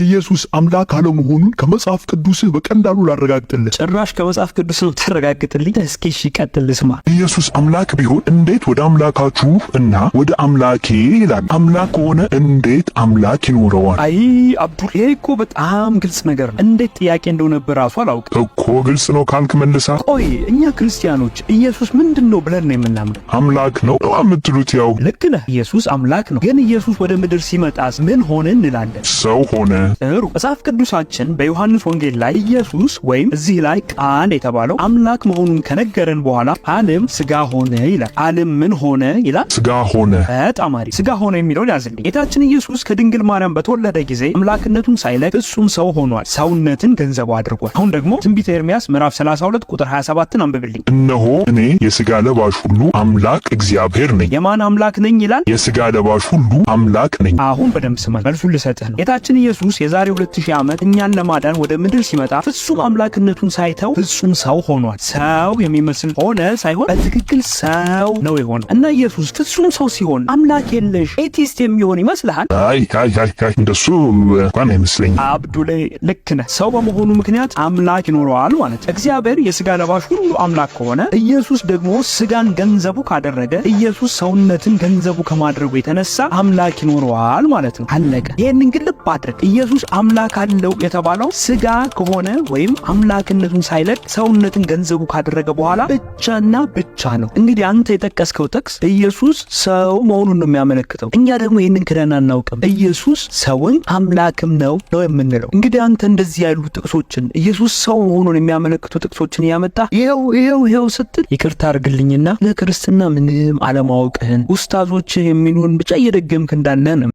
ኢየሱስ አምላክ አለመሆኑን ከመጽሐፍ ቅዱስህ በቀንዳሉ ላረጋግጥልህ። ጭራሽ ከመጽሐፍ ቅዱስ ነው ታረጋግጥልኝ? እስኪ እሺ ቀጥል፣ ስማ። ኢየሱስ አምላክ ቢሆን እንዴት ወደ አምላካችሁ እና ወደ አምላኬ ይላል? አምላክ ከሆነ እንዴት አምላክ ይኖረዋል? አይ አብዱል፣ ይሄ እኮ በጣም ግልጽ ነገር ነው። እንዴት ጥያቄ እንደሆነብህ እራሱ አላውቅም እኮ። ግልጽ ነው ካልክ መልሳ። ቆይ እኛ ክርስቲያኖች ኢየሱስ ምንድን ነው ብለን ነው የምናምነው? አምላክ ነው የምትሉት? ያው ልክ ነህ፣ ኢየሱስ አምላክ ነው። ግን ኢየሱስ ወደ ምድር ሲመጣ ምን ሆነ እንላለን? ሰው ሆነ ጥሩ መጽሐፍ ቅዱሳችን በዮሐንስ ወንጌል ላይ ኢየሱስ ወይም እዚህ ላይ ቃል የተባለው አምላክ መሆኑን ከነገረን በኋላ ዓለም ስጋ ሆነ ይላል። ዓለም ምን ሆነ ይላል? ስጋ ሆነ። በጣም አሪፍ። ስጋ ሆነ የሚለውን ያዝልኝ። ጌታችን ኢየሱስ ከድንግል ማርያም በተወለደ ጊዜ አምላክነቱን ሳይለቅ እሱም ሰው ሆኗል። ሰውነትን ገንዘቡ አድርጓል። አሁን ደግሞ ትንቢተ ኤርሚያስ ምዕራፍ 32 ቁጥር 27ን አንብብልኝ። እነሆ እኔ የስጋ ለባሽ ሁሉ አምላክ እግዚአብሔር ነኝ። የማን አምላክ ነኝ ይላል? የስጋ ለባሽ ሁሉ አምላክ ነኝ። አሁን በደንብ ስማ፣ መልሱን ልሰጥህ ነው። ጌታችን ኢየሱስ ኢየሱስ የዛሬ 2000 ዓመት እኛን ለማዳን ወደ ምድር ሲመጣ ፍጹም አምላክነቱን ሳይተው ፍጹም ሰው ሆኗል። ሰው የሚመስል ሆነ ሳይሆን በትክክል ሰው ነው የሆነው እና ኢየሱስ ፍጹም ሰው ሲሆን አምላክ የለሽ ኤቲስት የሚሆን ይመስልሃል? አይ እንደሱ እንኳን አይመስለኝም። አብዱሌ ልክ ነህ። ሰው በመሆኑ ምክንያት አምላክ ይኖረዋል ማለት እግዚአብሔር የስጋ ለባሽ ሁሉ አምላክ ከሆነ ኢየሱስ ደግሞ ስጋን ገንዘቡ ካደረገ ኢየሱስ ሰውነትን ገንዘቡ ከማድረጉ የተነሳ አምላክ ይኖረዋል ማለት ነው። አለቀ። ይህንን ግን ልብ አድርግ። ኢየሱስ አምላክ አለው የተባለው ስጋ ከሆነ ወይም አምላክነቱን ሳይለቅ ሰውነትን ገንዘቡ ካደረገ በኋላ ብቻና ብቻ ነው። እንግዲህ አንተ የጠቀስከው ጥቅስ ኢየሱስ ሰው መሆኑን ነው የሚያመለክተው። እኛ ደግሞ ይህንን ክደን አናውቅም። ኢየሱስ ሰውን አምላክም ነው ነው የምንለው። እንግዲህ አንተ እንደዚህ ያሉ ጥቅሶችን ኢየሱስ ሰው መሆኑን የሚያመለክቱ ጥቅሶችን እያመጣ ይኸው ይኸው ይኸው ስትል ይቅርታ አድርግልኝና ለክርስትና ምንም አለማወቅህን ኡስታዞችህ የሚሉን ብቻ እየደገምክ እንዳለ ነው።